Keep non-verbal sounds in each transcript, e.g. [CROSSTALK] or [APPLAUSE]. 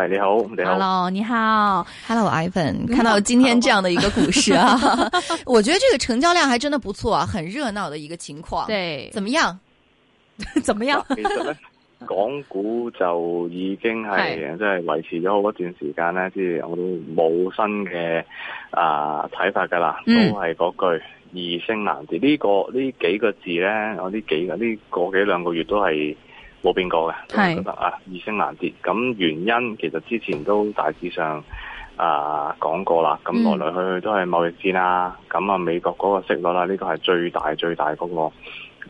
係你好，你好。Hello，你好 Hello，Ivan 好看到今天這樣的一個股市啊， [LAUGHS] [LAUGHS] 我覺得這個成交量還真的不錯，啊，很熱鬧的一個情況。對，怎麼樣？ [LAUGHS] 怎麼樣？其實咧，港股就已經係即係維持咗好一段時間咧，即係我都冇新嘅啊睇法噶啦，都係嗰句、嗯、易升難跌呢個呢幾個字咧，我呢幾呢、呢個幾兩個月都係。冇變過嘅，我覺得是啊，易升難跌。咁原因其實之前都大致上啊、呃、講過啦，咁來來去去都係貿易戰啦。咁啊、嗯，美國嗰個息率啦，呢、呢個係最大最大嗰、嗰個、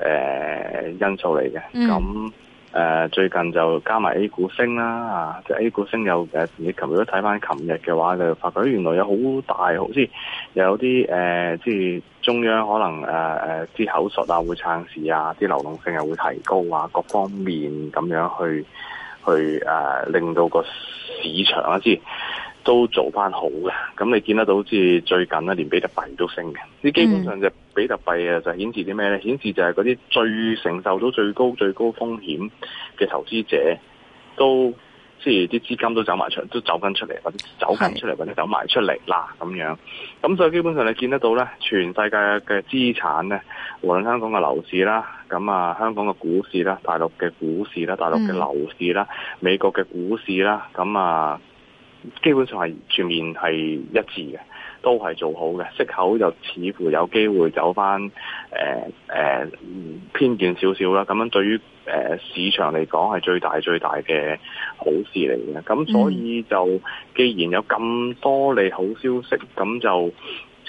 呃、因素嚟嘅。咁、嗯誒，最近就加埋 A 股升啦，啊，即係 A 股升有嘅。你琴日都睇翻，琴日嘅話就發覺，原來有好大，好似有啲誒，即係、呃、中央可能誒誒，啲、呃、口術啊會撐市啊，啲流動性又會提高啊，各方面咁樣去去誒、呃，令到個市場一、啊、啲。即係都做翻好嘅，咁你見得到，好似最近咧，連比特幣都升嘅。呢基本上就比特幣啊，就顯示啲咩咧？顯示就係嗰啲最承受到最高、最高風險嘅投資者，都即係啲資金都走埋出，都走緊出嚟，或者走緊出嚟，是或者走埋出嚟啦咁樣。咁所以基本上你見得到咧，全世界嘅資產咧，無論香港嘅樓市啦，咁啊香港嘅股市啦，大陸嘅股市啦，大陸嘅樓市啦，mm. 美國嘅股市啦，咁啊。基本上係全面係一致嘅，都係做好嘅，息口就似乎有機會走返誒、呃呃、偏遠少少啦。咁樣對於、呃、市場嚟講係最大最大嘅好事嚟嘅。咁所以就既然有咁多利好消息，咁就。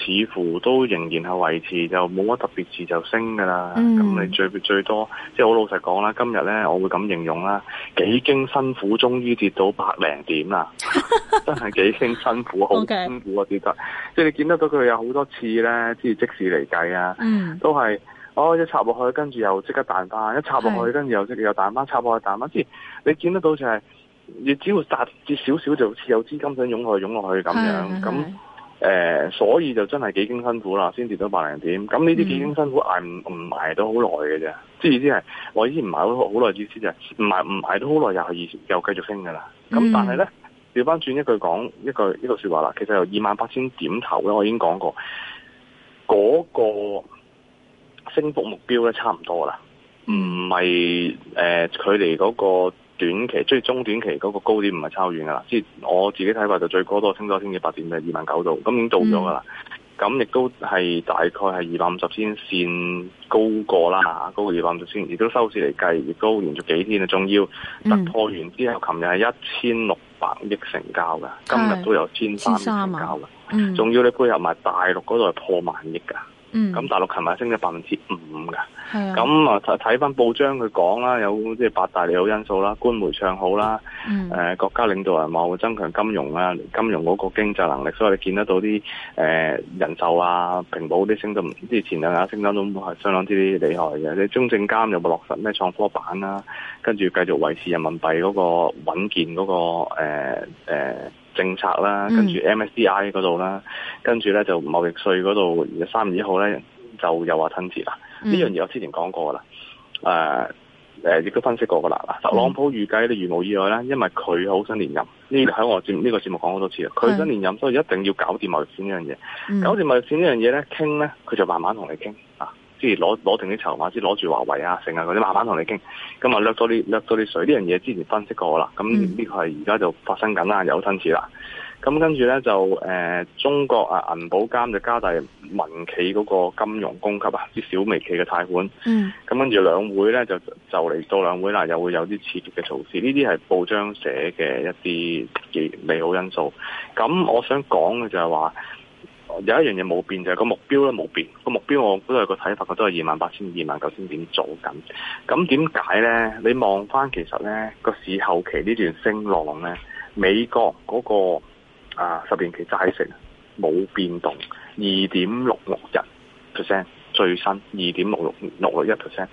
似乎都仍然係維持，就冇乜特別事就升㗎啦。咁、嗯、你最最多，即係好老實講啦，今日咧，我會咁形容啦，幾經辛苦，終於跌到百零點啦， [LAUGHS] 真係幾經辛苦，好辛苦啊！跌 Okay. 得，即係你見得到佢有好多次咧，即係即時嚟計啊，嗯、都係哦一插落去，跟住又即刻彈翻；一插落去，跟住又即彈彈的又即彈翻，插落去彈翻。即係的你見得到就係、是，你只要搭跌少少，就好似有資金想湧落去，湧落去咁樣咁。的誒、呃，所以就真係幾經辛苦啦，先跌到百零點。咁呢啲幾經辛苦、嗯、捱唔唔捱到好耐嘅啫。即係意思係，我以前唔捱到好耐，意思係唔係唔捱到好耐又係意思、就係、又，又繼續升嘅啦。咁但係呢，調翻轉一句講，一句一個說話啦。其實有二萬八千點頭呢，我已經講過，嗰、嗰個升幅目標呢，差唔多啦，唔係誒距離嗰、嗰個。短期，即係中短期嗰個高點唔係超遠噶啦，即係我自己睇法就最高都係升咗千幾百點就二萬九度，咁、就是、已經到咗噶啦。咁亦、嗯、都係大概係二百五十天線高過啦，高過二百五十天線，亦都收市嚟計亦都連續幾天啦。仲要突破完之後，琴日係一千六百億成交噶，今日都有千三億成交噶，仲、嗯、要你配合埋大陸嗰度係破萬億噶。嗯，咁大陸琴日升咗百分之五噶，咁啊睇翻報章佢講啦，有即係八大利好因素啦，官媒唱好啦、嗯呃，國家領導人話會增強金融啊，金融嗰個經濟能力，所以你見得到啲、呃、人壽啊、平保啲升得，之前兩日升得都係相當之厲害嘅。你中證監有冇落實咩創科板啊？跟住繼續維持人民幣嗰個穩健嗰、嗰個、呃呃政策啦，跟住 MSCI 嗰度啦，嗯、跟住咧就貿易稅嗰度，三月一號咧就又話吞蝕啦。呢、嗯、樣嘢我之前講過啦，誒誒亦都分析過噶啦。特朗普預計咧，如無意外咧，因為佢好想連任，呢喺、嗯這個、我呢個節目講好多次啦。佢想連任，所以一定要搞掂貿易戰呢樣嘢。嗯、搞掂貿易戰呢樣嘢咧，傾咧佢就慢慢同你傾啊。即係攞攞定啲籌碼，先攞住華為啊，成日嗰啲慢慢同你傾，咁啊掠多啲掠多啲水，呢樣嘢之前分析過啦，咁呢個係而家就發生緊啦，嗯、有親切啦。咁跟住咧就誒、呃，中國啊銀保監就加大民企嗰個金融供給啊，啲小微企嘅貸款。嗯。咁跟住兩會咧就就嚟到兩會啦，又會有啲刺激嘅措施。呢啲係報章寫嘅一啲嘅美好因素。咁我想講嘅就係話。有一樣嘢冇變就係、是、個目標咧冇變，個目標我都有個睇法，佢都係二萬八千、二萬九千點做緊。咁點解呢？你望翻其實呢個市後期呢段升浪呢，美國嗰、那個啊十年期債息冇變動，二點六六日 percent 最新二點六六六六一 percent。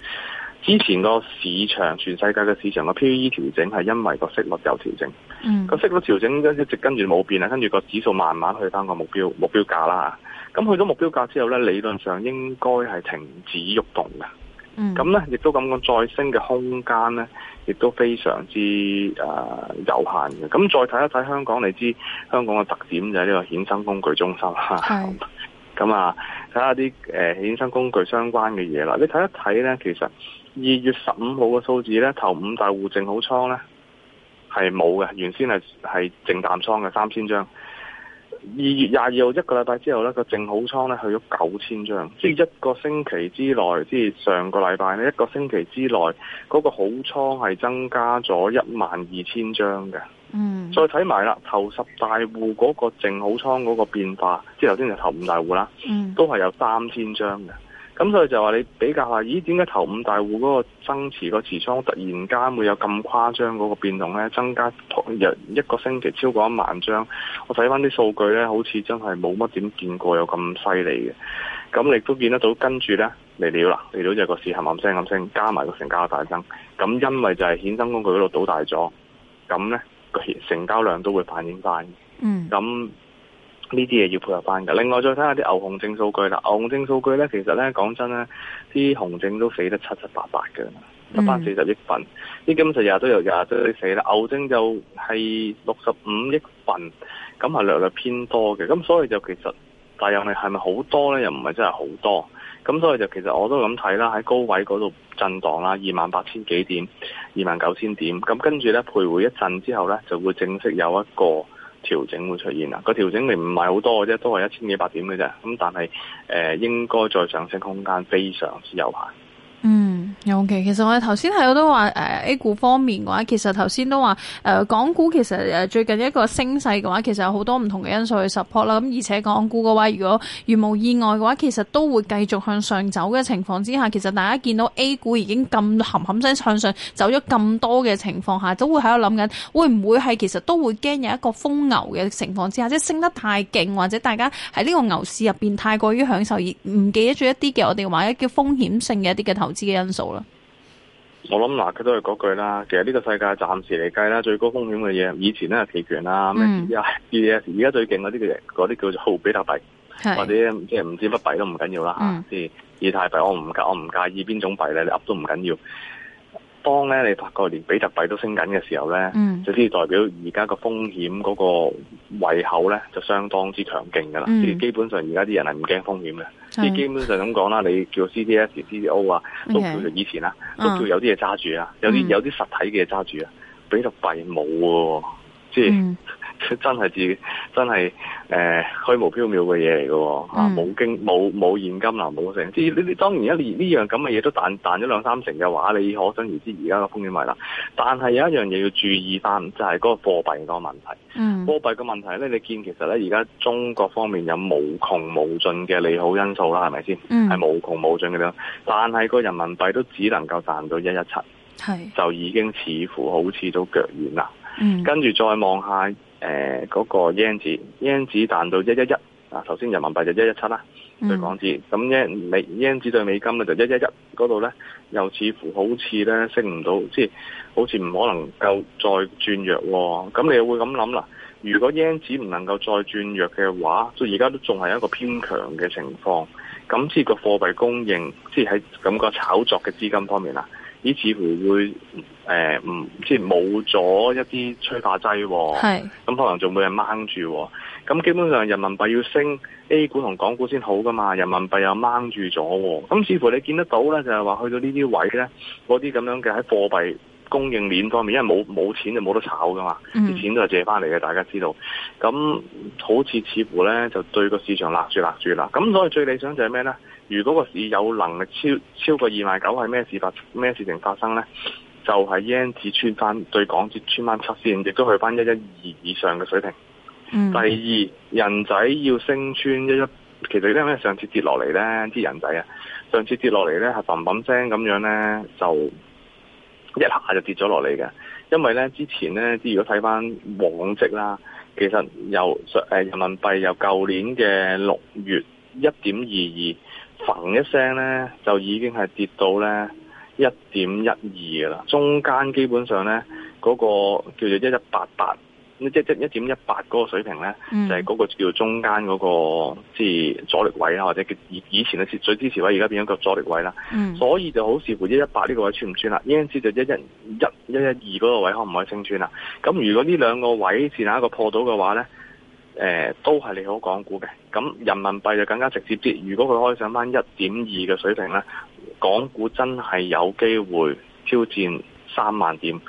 之前個市場，全世界嘅市場個 P/E 調整係因為個息率有調整。嗯。個息率調整一直跟住冇變啊，跟住個指數慢慢去翻個目標目標價啦。咁去到目標價之後咧，理論上應該係停止喐動嘅。咁咧、嗯，亦都咁講，再升嘅空間咧，亦都非常之誒、呃、有限嘅。咁再睇一睇香港，你知香港嘅特點就係呢個衍生工具中心啦。係。咁啊，睇下啲誒衍生工具相關嘅嘢啦。你睇一睇咧，其實。二月十五號嘅數字咧，頭五大戶淨好倉咧係冇嘅，原先係係淨淡倉嘅三千張。二月廿二號一個禮拜之後咧，個淨好倉咧去咗九千張，即係一個星期之內，即係上個禮拜呢，一個星期之內，嗰個好倉係增加咗一萬二千張嘅。嗯，mm. 再睇埋啦，頭十大戶嗰個淨好倉嗰個變化，即係頭先就頭五大戶啦，mm. 都係有三千張嘅。咁所以就話你比較下，咦？點解頭五大戶嗰個增持個持倉突然間會有咁誇張嗰個變動咧？增加同一個星期超過一萬張，我睇翻啲數據咧，好似真係冇乜點見過有咁犀利嘅。咁你都見得到跟住咧嚟了啦，嚟到就係個市冚冚聲咁升，加埋個成交大增。咁因為就係衍生工具嗰度倒大咗，咁咧個成交量都會反映翻。嗯。咁。呢啲嘢要配合翻㗎。另外再睇下啲牛熊證數據啦。牛熊證數據呢，其實呢，講真呢，啲熊證都死得七七八八嘅，得返四十億份。啲金十日都有廿都有死啦。24，牛證就係六十五億份，咁係略略偏多嘅。咁所以就其實大用力係咪好多呢？又唔係真係好多。咁所以就其實我都咁睇啦，喺高位嗰度震盪啦，二萬八千幾點，二萬九千點。咁跟住呢，徘徊一陣之後呢，就會正式有一個。調整會出現啊！個調整量唔係好多嘅啫，都係一千幾百點嘅啫。咁但係誒、呃、應該再上升空間非常之有限。Okay, 其實我哋頭先係我都話、呃、A 股方面嘅話，其實頭先都話誒、呃、港股其實最近一個升勢嘅話，其實有好多唔同嘅因素去突破啦。咁而且港股嘅話，如果如無意外嘅話，其實都會繼續向上走嘅情況之下，其實大家見到 A 股已經咁冚冚聲向上走咗咁多嘅情況下，都會喺度諗緊會唔會係其實都會驚有一個瘋牛嘅情況之下，即係升得太勁，或者大家喺呢個牛市入面太過於享受而唔記得住一啲嘅我哋話一叫風險性嘅一啲嘅投資嘅因素啦。我諗嗱，佢都係嗰句啦。其實呢個世界暫時嚟計啦，最高風險嘅嘢，以前咧係期權啦，咩、嗯、啊 b 而家最勁嗰啲叫，嗰啲叫做號比特幣，是或者即係唔知乜幣都唔緊要啦。吓、嗯，即係以，以太幣，我唔介，我唔介意邊種幣咧，你 up 都唔緊要。當咧你發覺連比特幣都升緊嘅時候咧，嗯、就先代表而家個風險嗰個胃口咧就相當之強勁噶啦。即係、嗯、基本上、嗯、而家啲人係唔驚風險嘅。即係基本上咁講啦，你叫 CDS、CDO 啊，okay, 都叫做以前啦，都叫做有啲嘢揸住啊，有啲有啲實體嘅嘢揸住啊，比特幣冇，即、就、係、是。嗯真係自真係誒、呃、虛無縹緲嘅嘢嚟嘅喎，冇、嗯、經冇冇現金啦，冇成。即係你你當然一呢樣咁嘅嘢都彈彈咗兩三成嘅話，你可想而知而家嘅風險係啦。但係有一樣嘢要注意翻，就係、是、嗰個貨幣嗰個問題。嗯，貨幣嘅問題咧，你見其實咧而家中國方面有無窮無盡嘅利好因素啦，係咪先？嗯，係無窮無盡嘅啦。但係個人民幣都只能夠彈到一一七，是就已經似乎好似都腳軟啦。跟住、嗯、再望下。誒嗰、呃那個 yen 紙彈到一一一，頭先人民幣就一一七啦，嗯、對港紙，咁 y e 對美金咧就一一一嗰度呢，又似乎好似呢識唔到，即、就、係、是、好似唔可能夠再轉弱喎、哦。咁你又會咁諗啦？如果 y e 唔能夠再轉弱嘅話，到而家都仲係一個偏強嘅情況，咁至於個貨幣供應，即係喺咁個炒作嘅資金方面啦。咦？似乎會誒唔即係冇咗一啲催化劑喎，咁是可能仲冇人掹住，咁基本上人民幣要升 A 股同港股先好噶嘛，人民幣又掹住咗，咁似乎你見得到咧，就係話去到呢啲位咧，嗰啲咁樣嘅喺貨幣供應鏈方面，因為冇冇錢就冇得炒噶嘛，啲、嗯、錢都係借翻嚟嘅，大家知道，咁好似似乎咧就對個市場勒住勒住啦，咁所以最理想就係咩咧？如果個市有能力超超過二萬九，係咩事發咩事情發生呢？就係 yen 止穿翻對港紙穿翻七線，亦都去翻一一二以上嘅水平。嗯。第二，人仔要升穿一一，其實因為上次跌落嚟呢啲人仔啊，上次跌落嚟呢係嘭嘭聲咁樣呢，就一下就跌咗落嚟嘅。因為呢之前呢，啲如果睇翻往績啦，其實由人民幣由舊年嘅六月一點二二。砰一聲咧，就已經係跌到咧一點一二噶啦。中間基本上咧，嗰、那個叫做一一八八，即即一點一八嗰個水平咧，嗯、就係嗰個叫中間嗰、那個即係阻力位啦，或者以以前嘅設水支持位，而家變咗個阻力位啦。嗯、所以就好視乎一一八呢個位穿唔穿啦。依家知就一一一一一二嗰個位可唔可以清穿啦？咁如果呢兩個位係邊一個破到嘅話咧？誒都係利好港股嘅，咁人民幣就更加直接啲。如果佢可以上翻一點二嘅水平咧，港股真係有機會挑戰三萬點，誒、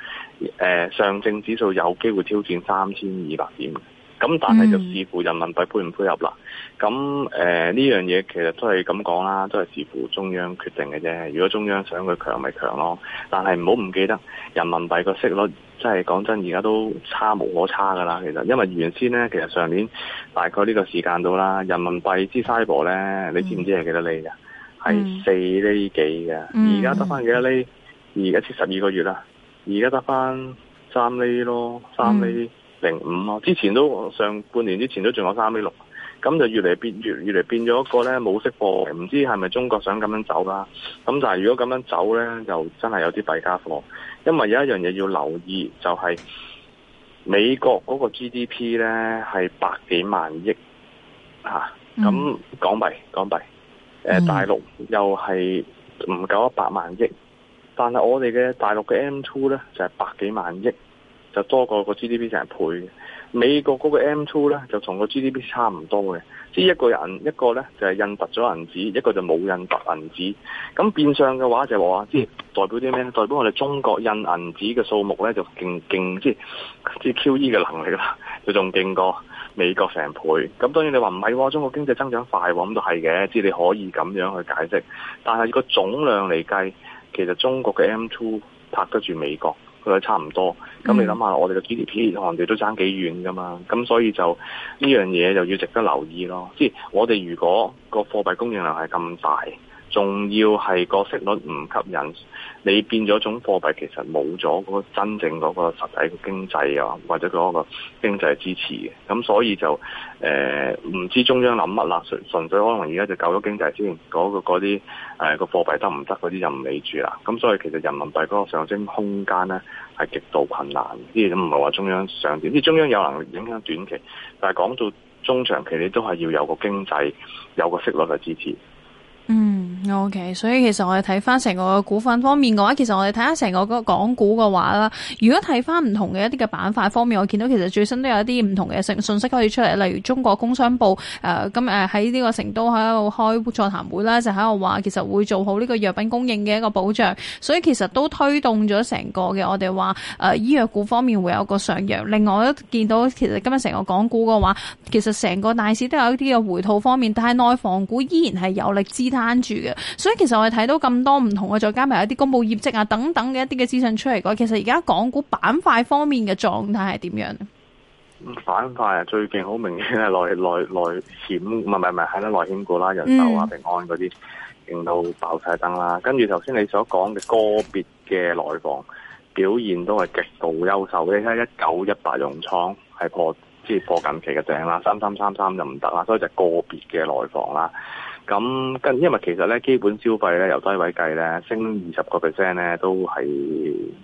呃、上證指數有機會挑戰三千二百點。咁但係就視乎人民幣配唔配合啦。咁誒呢樣嘢其實都係咁講啦，都係視乎中央決定嘅啫。如果中央想佢強咪強咯，但係唔好唔記得人民幣個息率。真係講真，而家都差無可差噶啦，其實，因為原先呢，其實上年大概呢個時間度啦，人民幣之 CIBOR 咧，你知唔知係幾多厘㗎？係四、嗯、厘幾嘅。而家得翻幾多厘？而家先十二個月啦，而家得翻三厘咯，三厘零五啊！嗯、之前都上半年之前都仲有三厘六，咁就越嚟變越越嚟變咗一個咧冇息貨，唔知係咪中國想咁樣走啦？咁但係如果咁樣走咧，就真係有啲弊家伙。因為有一樣嘢要留意，就係、是、美國嗰個 GDP 咧係百幾萬億，吓、啊、咁港幣港幣，誒、呃、大陸又係唔夠一百萬億，但係我哋嘅大陸嘅 M two 咧就係、是、百幾萬億，就多過個 GDP 成倍。美國嗰個 M2 咧就同個 GDP 差唔多嘅，即係一個人一個咧就係、是、印突咗銀紙，一個就冇印突銀紙。咁變相嘅話就話、是，即、就、係、是、代表啲咩咧？代表我哋中國印銀紙嘅數目咧就勁勁，即係即係 QE 嘅能力啦，佢仲勁過美國成倍。咁當然你話唔係喎，中國經濟增長快喎、哦，咁都係嘅，即係你可以咁樣去解釋。但係個總量嚟計，其實中國嘅 M2 拍得住美國。佢都差唔多，咁你諗下，我哋嘅 GDP 我哋都爭幾遠噶嘛，咁所以就呢樣嘢又要值得留意咯。即係我哋如果個貨幣供應量係咁大。仲要係個息率唔吸引，你變咗種貨幣，其實冇咗嗰真正嗰個實體嘅經濟啊，或者嗰個經濟支持嘅咁，所以就誒唔知中央諗乜啦，純粹可能而家就夠咗經濟先嗰個嗰啲誒個貨幣得唔得嗰啲任唔理住啦。咁所以其實人民幣嗰個上升空間咧係極度困難，啲嘢都唔係話中央想點，即中央有能力影響短期，但係講到中長期你都係要有個經濟有個息率嚟支持。嗯。O、okay, K，所以其實我哋睇翻成個股份方面嘅話，其實我哋睇下成個港股嘅話啦。如果睇翻唔同嘅一啲嘅板塊方面，我見到其實最新都有一啲唔同嘅信息可以出嚟，例如中國工商部誒、呃、今日喺呢個成都喺度開座談會啦，就喺度話其實會做好呢個藥品供應嘅一個保障，所以其實都推動咗成個嘅我哋話、呃、醫藥股方面會有一個上揚。另外一見到其實今日成個港股嘅話，其實成個大市都有一啲嘅回吐方面，但係內房股依然係有力支攤住嘅。所以其實我哋睇到咁多唔同嘅，再加埋一啲公布業績啊等等嘅一啲嘅資訊出嚟嘅，其實而家港股板塊方面嘅狀態係點樣？板塊啊，最近好明顯係內內內險，唔係唔係唔係係內險股啦，人壽啊、平安嗰啲，令到爆晒燈啦。跟住頭先你所講嘅個別嘅內房表現都係極度優秀嘅，你睇一九一八融創係破，即係破近期嘅頂啦，三三三三就唔得啦，所以就個別嘅內房啦。咁跟，因為其實咧，基本消費咧，由低位計咧，升二十個 percent，咧，都係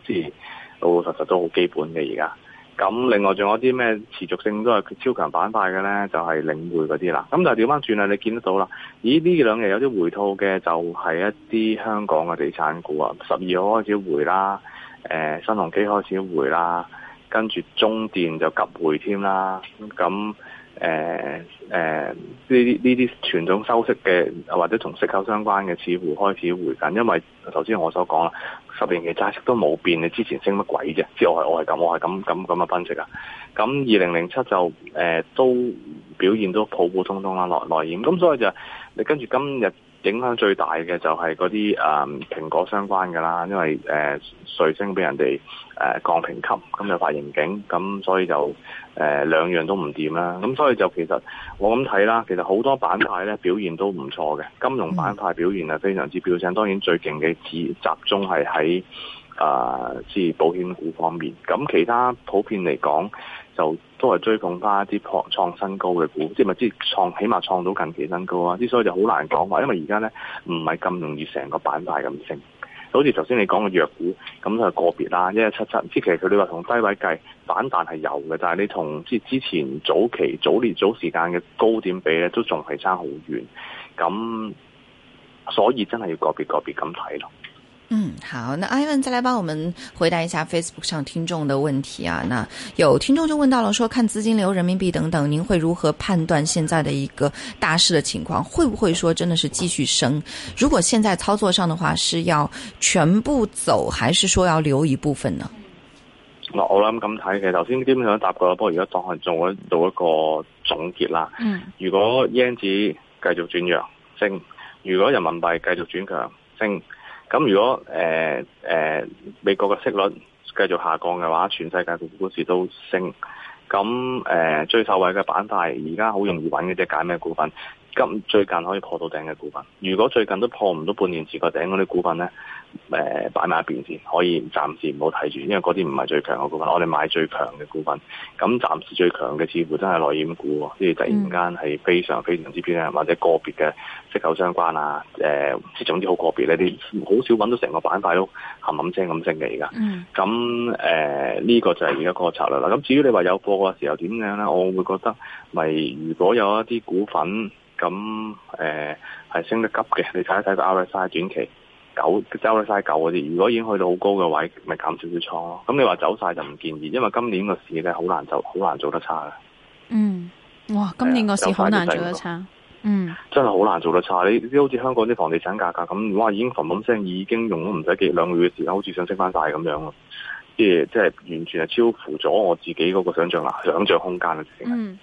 即老老實實都好基本嘅而家，咁另外仲有啲咩持續性都係超強板塊嘅咧，就係領匯嗰啲啦。咁但係調翻轉啊，你見得到啦？咦，呢兩日有啲回吐嘅就係一啲香港嘅地產股啊！十二號開始回啦，呃、新鴻基開始回啦。跟住中電就急回添啦，咁誒誒呢啲呢啲傳統收息嘅或者同息口相關嘅似乎開始回緊，因為頭先我所講啦，十年期債息都冇變，你之前升乜鬼啫？即係我係我係咁，我係咁咁咁嘅分析啊。咁二零零七就誒都、呃、表現都普普通通啦，內內險。咁所以就你跟住今日。影響最大嘅就係嗰啲誒蘋果相關嘅啦，因為誒瑞、呃、星俾人哋誒、呃、降評級，咁就發盈警，咁所以就誒、呃、兩樣都唔掂啦。咁所以就其實我咁睇啦，其實好多板塊咧表現都唔錯嘅，金融板塊表現係非常之漂亮。當然最勁嘅指集中係喺誒即係保險股方面，咁其他普遍嚟講。就都係追捧翻一啲破創新高嘅股，即係咪即係創起碼創到近期新高啊？之所以就好難講話，因為而家咧唔係咁容易成個板塊咁升。好似頭先你講嘅藥股，咁就係個別啦，一一七七。即係其實佢哋話同低位計，反彈係有嘅，但係你同即係之前早期早年早時間嘅高點比咧，都仲係差好遠。咁所以真係要個別個別咁睇咯。嗯，好。那 Ivan 再來幫我們回答一下 Facebook 上聽眾的問題啊。那有聽眾就問到了說，說看資金流、人民幣等等，您會如何判斷現在的一個大勢的情況？會不會說真的是繼續升？如果現在操作上的話，是要全部走，還是說要留一部分呢？我諗咁睇嘅，頭先基本上答過啦。不過而家當係做一做一個總結啦。嗯。嗯，如果英紙繼續轉弱，升；如果人民幣繼續轉強，升。咁如果誒誒、呃呃、美國嘅息率繼續下降嘅話，全世界嘅股市都升。咁誒、呃、最受惠嘅板塊，而家好容易揾嘅啫，揀咩股份？咁最近可以破到頂嘅股份，如果最近都破唔到半年前個頂嗰啲股份咧，誒擺埋一邊先，可以暫時唔好睇住，因為嗰啲唔係最強嘅股份。我哋買最強嘅股份。咁暫時最強嘅似乎真係內險股，即係突然間係非常非常之漂亮，或者個別嘅息口相關啊，誒，即係總之好個別呢啲好少揾到成個板塊都冚冚聲咁升嘅而家。咁誒，呢個就係而家個策略啦。咁至於你話有貨嘅時候點樣咧，我會覺得咪如果有一啲股份。咁誒係升得急嘅，你睇一睇個 RSI 短期九，RSI 九嗰啲，如果已經去到好高嘅位，咪減少啲倉咯。咁你話走晒就唔建議，因為今年個市咧好難做，好難做得差嘅。嗯，哇！今年個市好難做得差。嗯，真係好難做得差。你好似香港啲房地產價格咁，哇！已經嗡嗡聲，已經用咗唔使幾兩個月嘅時間，好似想升翻晒咁樣咯。即係即係完全係超乎咗我自己嗰個想象啦，想象空間啦，嗯。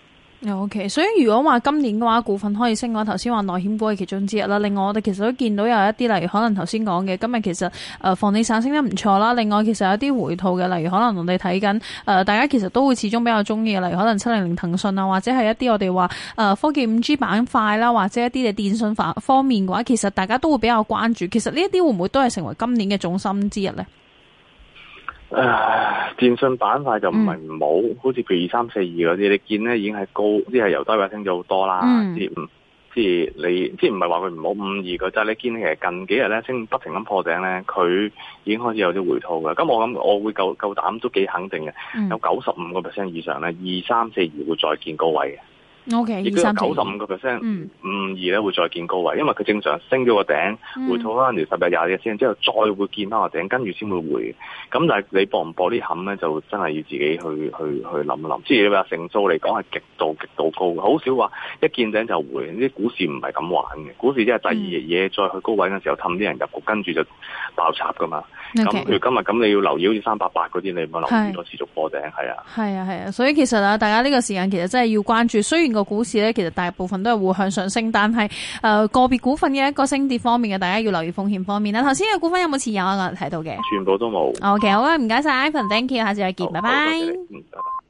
O、okay, K，所以如果話今年嘅話，股份可以升嘅，頭先話內險股嘅其中之一啦。另外，我哋其實都見到有一啲，例如可能頭先講嘅，今日其實誒房、呃、地產升得唔錯啦。另外，其實有啲回吐嘅，例如可能我哋睇緊誒，大家其實都會始終比較中意，例如可能七零零騰訊啊，或者係一啲我哋話誒科技五 G 板塊啦，或者一啲嘅電信方面嘅話，其實大家都會比較關注。其實呢一啲會唔會都係成為今年嘅重心之一呢？誒、啊，電信板塊就唔係唔好，嗯、好似譬如二三四二嗰啲，你見咧已經係高，即係由低位升咗好多啦。嗯、即係即係你，即係唔係話佢唔好五二個，即係你見其實近幾日咧升不停咁破頂咧，佢已經開始有啲回吐㗎。咁我諗我，我會夠夠膽都幾肯定嘅，有九十五個 percent 以上咧，二三四二會再見高位嘅。O Okay , K，、嗯、二三九十五個 percent，唔易咧會再見高位，因為佢正常升咗個頂，回吐可能要十日廿日先，之後再會見翻個頂，跟住先會回。咁但係你博唔博啲冚咧，就真係要自己去去去諗一諗。即係你話成數嚟講係極度極度高，好少話一見頂就回。啲股市唔係咁玩嘅，股市即係第二日嘢、嗯、再去高位嘅時候氹啲人入局，跟住就爆插噶嘛。O Okay , K，今日咁你要留意好似三八八嗰啲，你唔好留意咗持續破頂，係是啊。係啊係啊，所以其實啊，大家呢個時間其實真係要關注，雖然。個股市咧，其實大部分都係會向上升，但係誒、呃、個別股份嘅一個升跌方面嘅，大家要留意風險方面啦。頭先嘅股份有冇持有啊？我哋睇到嘅，全部都冇。OK，好啦，唔該晒，Ivan thank you，下次再見，拜拜好。Bye bye